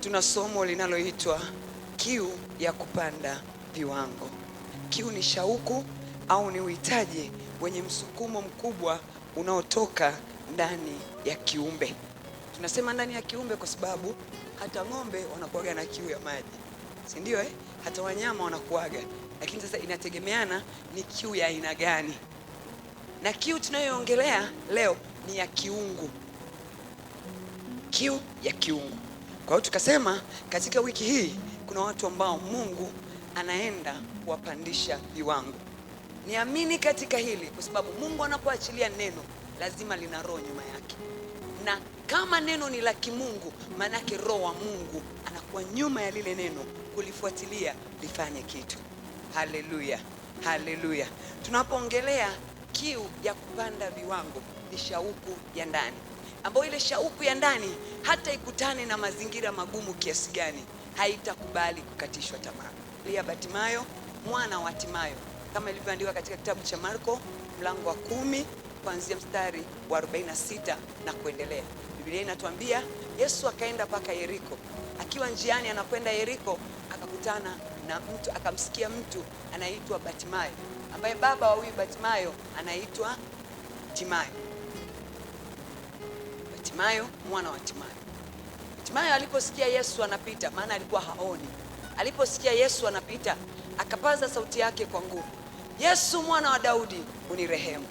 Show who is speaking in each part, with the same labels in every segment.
Speaker 1: Tuna somo linaloitwa kiu ya kupanda viwango. Kiu ni shauku au ni uhitaji wenye msukumo mkubwa unaotoka ndani ya kiumbe. Tunasema ndani ya kiumbe kwa sababu hata ng'ombe wanakuaga na kiu ya maji, si ndio eh? Hata wanyama wanakuaga, lakini sasa inategemeana ni kiu ya aina gani, na kiu tunayoongelea leo ni ya kiungu, kiu ya kiungu. Kwa hiyo tukasema katika wiki hii kuna watu ambao Mungu anaenda kuwapandisha viwango. Niamini katika hili kwa sababu Mungu anapoachilia neno lazima lina roho nyuma yake, na kama neno ni la kimungu, maanake roho wa Mungu anakuwa nyuma ya lile neno kulifuatilia lifanye kitu. Haleluya, haleluya! Tunapoongelea kiu ya kupanda viwango, ni shauku ya ndani ambayo ile shauku ya ndani hata ikutane na mazingira magumu kiasi gani haitakubali kukatishwa tamaa. Lia Batimayo, mwana wa Timayo, kama ilivyoandikwa katika kitabu cha Marko mlango wa kumi kuanzia mstari wa 46 na kuendelea. Biblia inatuambia Yesu akaenda mpaka Yeriko. Akiwa njiani anakwenda Yeriko, akakutana na mtu, akamsikia mtu anaitwa Batimayo, ambaye baba wa huyu Batimayo anaitwa Timayo. Timayo mwana wa Timayo. Timayo aliposikia Yesu anapita, maana alikuwa haoni, aliposikia Yesu anapita akapaza sauti yake kwa nguvu, Yesu mwana wa Daudi unirehemu.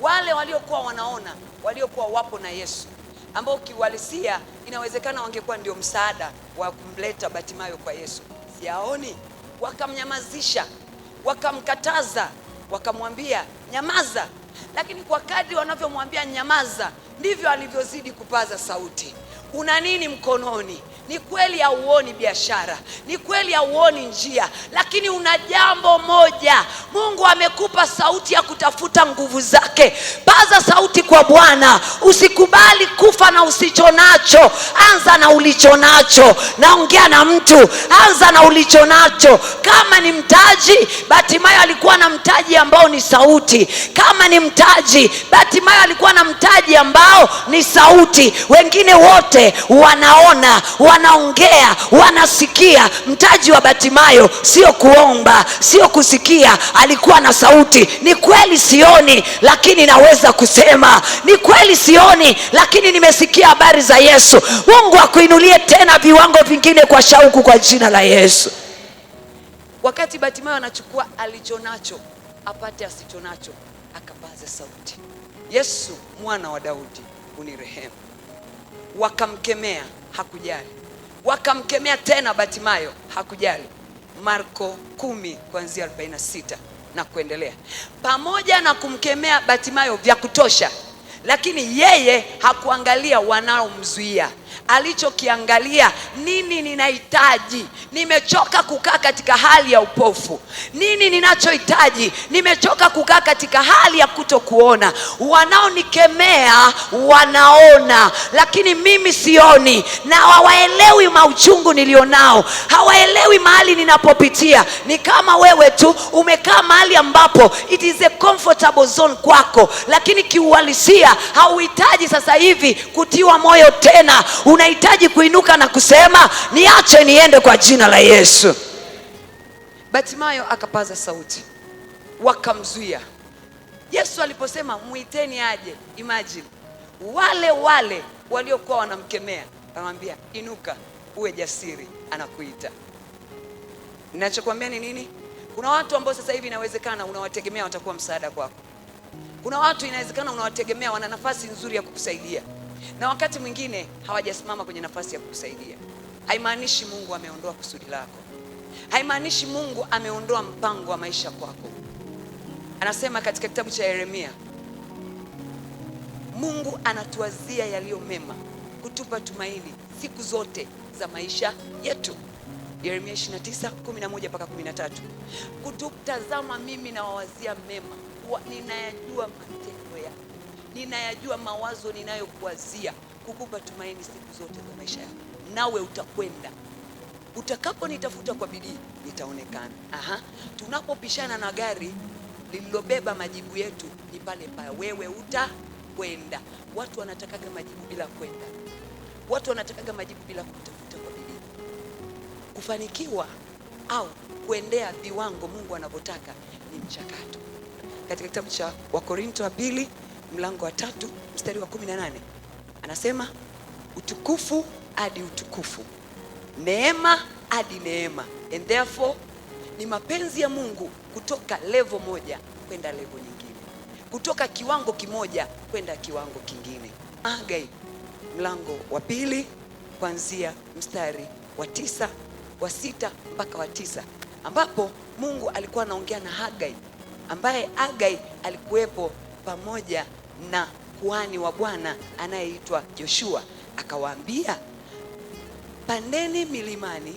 Speaker 1: Wale waliokuwa wanaona, waliokuwa wapo na Yesu, ambao kiuhalisia inawezekana wangekuwa ndio msaada wa kumleta Batimayo kwa Yesu, siaoni, wakamnyamazisha, wakamkataza, wakamwambia nyamaza. Lakini kwa kadri wanavyomwambia nyamaza, ndivyo alivyozidi kupaza sauti. Una nini mkononi? Ni kweli hauoni biashara, ni kweli hauoni njia, lakini una jambo moja. Mungu amekupa sauti ya kutafuta nguvu zake. Paza sauti kwa Bwana, usikubali kufa na usicho nacho. Anza na ulicho nacho. Naongea na mtu, anza na ulicho nacho. Kama ni mtaji, Batimayo alikuwa na mtaji ambao ni sauti. Kama ni mtaji, Batimayo alikuwa na mtaji ambao ni sauti. Wengine wote wanaona, wanaona wanaongea, wanasikia. Mtaji wa Batimayo sio kuomba, sio kusikia. Alikuwa na sauti, ni kweli sioni, lakini naweza kusema. Ni kweli sioni, lakini nimesikia habari za Yesu. Mungu akuinulie tena viwango vingine kwa shauku, kwa jina la Yesu. Wakati Batimayo anachukua alichonacho apate asichonacho, akapaza sauti, Yesu mwana wa Daudi unirehemu. Wakamkemea, hakujali. Wakamkemea tena batimayo hakujali. Marko 10 kuanzia 46 na kuendelea. Pamoja na kumkemea batimayo vya kutosha, lakini yeye hakuangalia wanaomzuia. Alichokiangalia, nini ninahitaji? nimechoka kukaa katika hali ya upofu. Nini ninachohitaji? Nimechoka kukaa katika hali ya kutokuona. Wanaonikemea wanaona, lakini mimi sioni, na hawaelewi mauchungu nilionao, hawaelewi mahali ninapopitia. Ni kama wewe tu umekaa mahali ambapo it is a comfortable zone kwako, lakini kiuhalisia hauhitaji sasa hivi kutiwa moyo tena, unahitaji kuinuka na kusema niache niende kwa jina jina la Yesu. batimayo akapaza sauti, wakamzuia. Yesu aliposema mwiteni aje, imagine wale wale waliokuwa wanamkemea anamwambia inuka, uwe jasiri, anakuita. Ninachokuambia ni nini? Kuna watu ambao sasa hivi inawezekana unawategemea watakuwa msaada kwako. Kuna watu inawezekana unawategemea wana nafasi nzuri ya kukusaidia, na wakati mwingine hawajasimama kwenye nafasi ya kukusaidia haimaanishi Mungu ameondoa kusudi lako, haimaanishi Mungu ameondoa mpango wa maisha kwako. Anasema katika kitabu cha Yeremia, Mungu anatuwazia yaliyo mema, kutupa tumaini siku zote za maisha yetu. Yeremia 29:11 mpaka 13, kututazama mimi na wawazia mema, ninayajua matendo yako, ninayajua mawazo ninayokuwazia, kukupa tumaini siku zote za maisha yako nawe utakwenda. Utakaponitafuta kwa bidii nitaonekana. Aha, tunapopishana na gari lililobeba majibu yetu ni pale pale, wewe utakwenda. Watu wanatakaga majibu bila kwenda, watu wanatakaga majibu bila kutafuta kwa bidii. Kufanikiwa au kuendea viwango Mungu anavyotaka ni mchakato. Katika kitabu cha Wakorinto wa pili mlango wa tatu mstari wa 18 anasema utukufu hadi utukufu, neema hadi neema, and therefore ni mapenzi ya Mungu kutoka levo moja kwenda levo nyingine, kutoka kiwango kimoja kwenda kiwango kingine. agai mlango wa pili kuanzia mstari wa tisa wa sita mpaka wa tisa ambapo Mungu alikuwa anaongea na Hagai ambaye Hagai alikuwepo pamoja na kuhani wa Bwana anayeitwa Joshua, akawaambia pandeni milimani,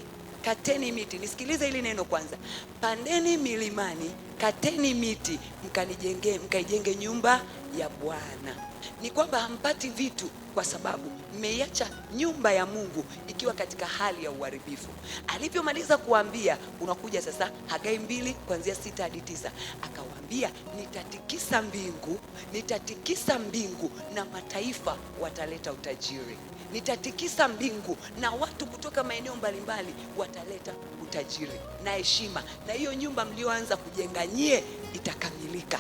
Speaker 1: kateni miti. Nisikilize hili neno kwanza, pandeni milimani, kateni miti, mkanijenge mkaijenge nyumba ya Bwana. Ni kwamba hampati vitu kwa sababu mmeiacha nyumba ya Mungu ikiwa katika hali ya uharibifu. Alivyomaliza kuambia, unakuja sasa Hagai mbili kuanzia sita hadi tisa akawaambia, nitatikisa mbingu, nitatikisa mbingu na mataifa wataleta utajiri, nitatikisa mbingu na watu kutoka maeneo mbalimbali wataleta utajiri na heshima, na hiyo nyumba mlioanza kujenga nyie itakamilika.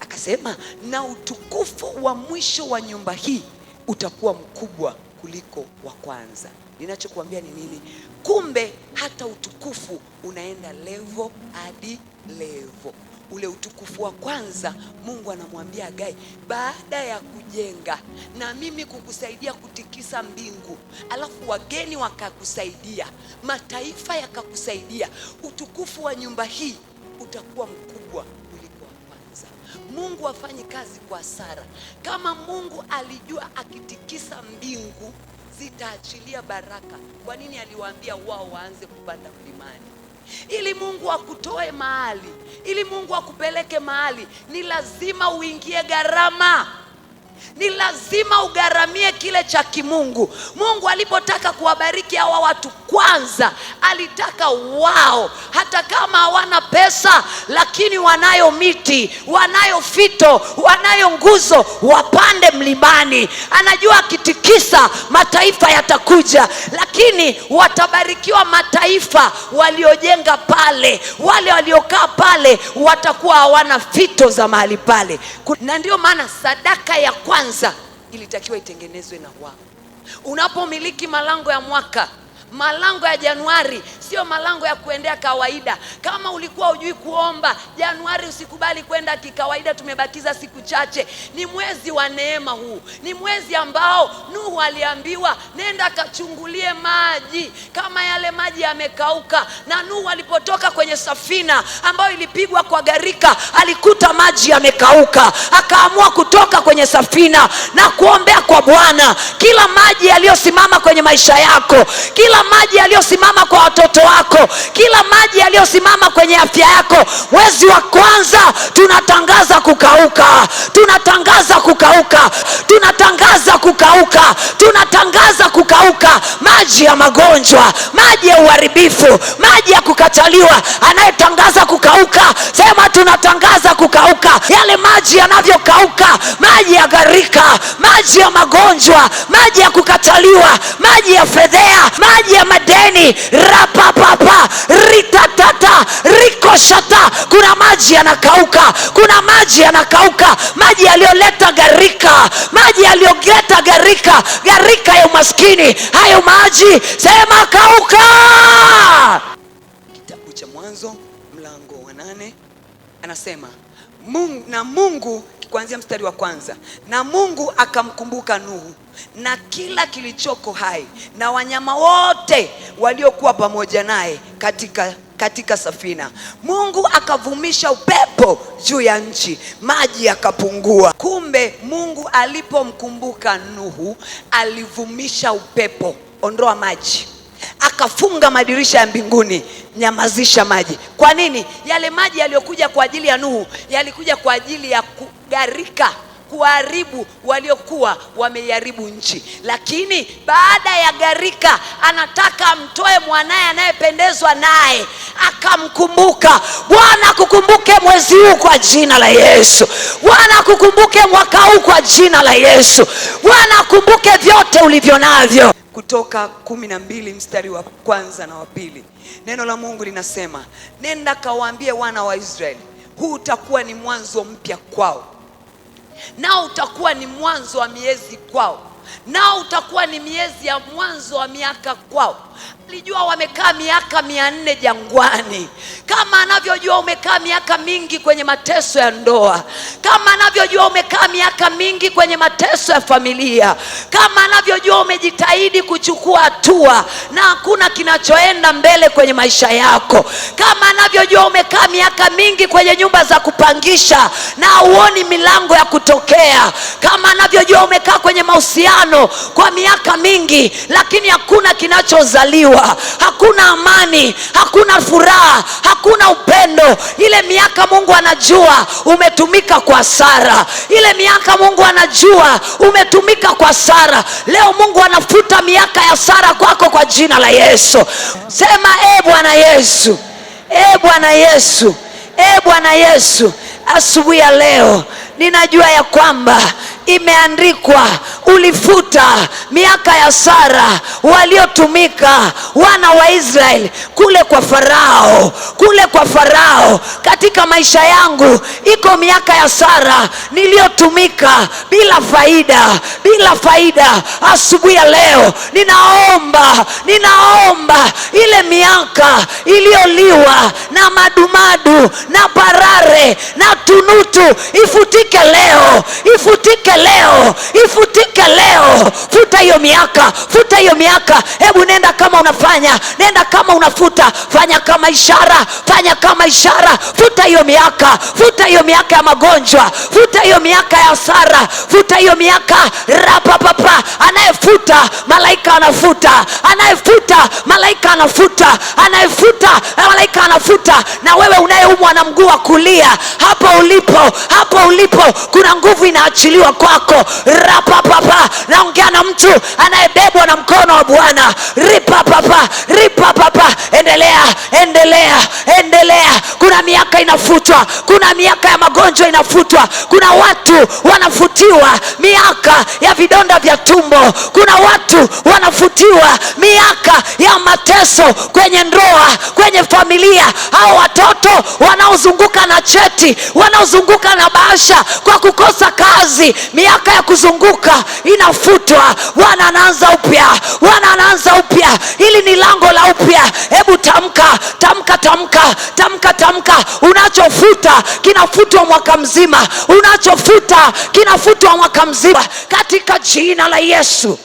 Speaker 1: Akasema na utukufu wa mwisho wa nyumba hii utakuwa mkubwa kuliko wa kwanza. Ninachokuambia ni nini? Kumbe hata utukufu unaenda levo hadi levo. Ule utukufu wa kwanza Mungu anamwambia gai baada ya kujenga na mimi kukusaidia kutikisa mbingu, alafu wageni wakakusaidia, mataifa yakakusaidia, utukufu wa nyumba hii utakuwa mkubwa Mungu afanye kazi kwa Sara. Kama Mungu alijua akitikisa mbingu zitaachilia baraka, kwa nini aliwaambia wao waanze kupanda mlimani? Ili Mungu akutoe mahali, ili Mungu akupeleke mahali, ni lazima uingie gharama ni lazima ugharamie kile cha kimungu. Mungu alipotaka kuwabariki hawa watu kwanza alitaka wao, hata kama hawana pesa, lakini wanayo miti, wanayo fito, wanayo nguzo, wapande mlimani. Anajua akitikisa mataifa yatakuja, lakini watabarikiwa mataifa waliojenga pale. Wale waliokaa pale watakuwa hawana fito za mahali pale, na ndiyo maana sadaka ya kwanza ilitakiwa itengenezwe na wao. Unapomiliki malango ya mwaka malango ya Januari sio malango ya kuendea kawaida. Kama ulikuwa hujui kuomba, Januari usikubali kwenda kikawaida. Tumebakiza siku chache, ni mwezi wa neema. Huu ni mwezi ambao Nuhu aliambiwa nenda kachungulie maji, kama yale maji yamekauka. Na Nuhu alipotoka kwenye safina ambayo ilipigwa kwa gharika, alikuta maji yamekauka, akaamua kutoka kwenye safina na kuombea kwa Bwana kila maji yaliyosimama kwenye maisha yako, kila maji yaliyosimama kwa watoto watoto wako, kila maji yaliyosimama kwenye afya yako. Mwezi wa kwanza tunatangaza kukauka, tunatangaza kukauka, tunatangaza kukauka, tunatangaza kukauka, maji ya magonjwa, maji ya uharibifu, maji ya kukataliwa. Anayetangaza kukauka, sema tunatangaza kukauka. Yale maji yanavyokauka, maji ya gharika, maji ya magonjwa, maji ya kukataliwa, maji ya fedhea, maji ya madeni ndani rapapapa ritatata rikoshata. Kuna maji yanakauka, kuna maji yanakauka, maji yaliyoleta gharika, maji yaliyoleta garika garika ya umaskini. Hayo maji sema kauka. Kitabu cha Mwanzo mlango wa nane anasema Mungu, na Mungu kuanzia mstari wa kwanza. Na Mungu akamkumbuka Nuhu na kila kilichoko hai na wanyama wote waliokuwa pamoja naye katika katika safina. Mungu akavumisha upepo juu ya nchi, maji yakapungua. Kumbe Mungu alipomkumbuka Nuhu alivumisha upepo, ondoa maji akafunga madirisha ya mbinguni, nyamazisha maji. Kwa nini? Yale maji yaliyokuja kwa ajili ya Nuhu yalikuja kwa ajili ya kugarika kuharibu waliokuwa wameiharibu nchi, lakini baada ya gharika anataka amtoe mwanaye anayependezwa naye akamkumbuka. Bwana akukumbuke mwezi huu kwa jina la Yesu. Bwana akukumbuke mwaka huu kwa jina la Yesu. Bwana akumbuke vyote ulivyo navyo. Kutoka kumi na mbili mstari wa kwanza na wa pili, neno la Mungu linasema, nenda kawaambie wana wa Israeli, huu utakuwa ni mwanzo mpya kwao, nao utakuwa ni mwanzo wa miezi kwao nao utakuwa ni miezi ya mwanzo wa miaka kwao. Alijua wamekaa miaka mia nne jangwani, kama anavyojua umekaa miaka mingi kwenye mateso ya ndoa, kama anavyojua umekaa miaka mingi kwenye mateso ya familia, kama anavyojua umejitahidi kuchukua hatua na hakuna kinachoenda mbele kwenye maisha yako, kama anavyojua umekaa miaka mingi kwenye nyumba za kupangisha na huoni milango ya kutokea, kama anavyojua umekaa kwenye mahusiano mapambano kwa miaka mingi, lakini hakuna kinachozaliwa, hakuna amani, hakuna furaha, hakuna upendo. Ile miaka Mungu anajua umetumika kwa sara, ile miaka Mungu anajua umetumika kwa sara. Leo Mungu anafuta miaka ya sara kwako kwa jina la Yesu. Sema e Bwana Yesu, e Bwana Yesu, e Bwana Yesu, asubuhi ya leo ninajua ya kwamba imeandikwa, ulifuta miaka ya Sara waliotumika wana wa Israeli kule kwa Farao, kule kwa Farao. Katika maisha yangu iko miaka ya Sara niliyotumika bila faida, bila faida. Asubuhi ya leo ninaomba, ninaomba ile miaka iliyoliwa na madumadu na parare na tunutu ifutike leo, ifutike leo, ifutike leo. Futa hiyo miaka, futa hiyo miaka. Hebu nenda kama unafanya, nenda kama unafuta, fanya kama ishara, fanya kama ishara. Futa hiyo miaka, futa hiyo miaka ya magonjwa, futa hiyo miaka ya sara futa hiyo miaka rapapapa. Anayefuta malaika anafuta, anayefuta malaika anafuta, anayefuta malaika anafuta. Na wewe unayeumwa na mguu wa kulia, hapa ulipo, hapa ulipo, kuna nguvu inaachiliwa kwa kwako. Rapapapa, naongea na mtu anayebebwa na mkono wa Bwana. Ripapapa, ripapapa, endelea, endelea, endelea kuna miaka inafutwa, kuna miaka ya magonjwa inafutwa, kuna watu wanafutiwa miaka ya vidonda vya tumbo, kuna watu wanafutiwa miaka ya mateso kwenye ndoa, kwenye familia, au watoto wanaozunguka na cheti, wanaozunguka na bahasha kwa kukosa kazi, miaka ya kuzunguka inafutwa. Bwana anaanza upya, Bwana anaanza upya. Hili ni lango la upya. Hebu tamka, tamka, tamka, tamka unachotamka unachofuta kinafutwa mwaka mzima, unachofuta kinafutwa mwaka mzima katika jina la Yesu.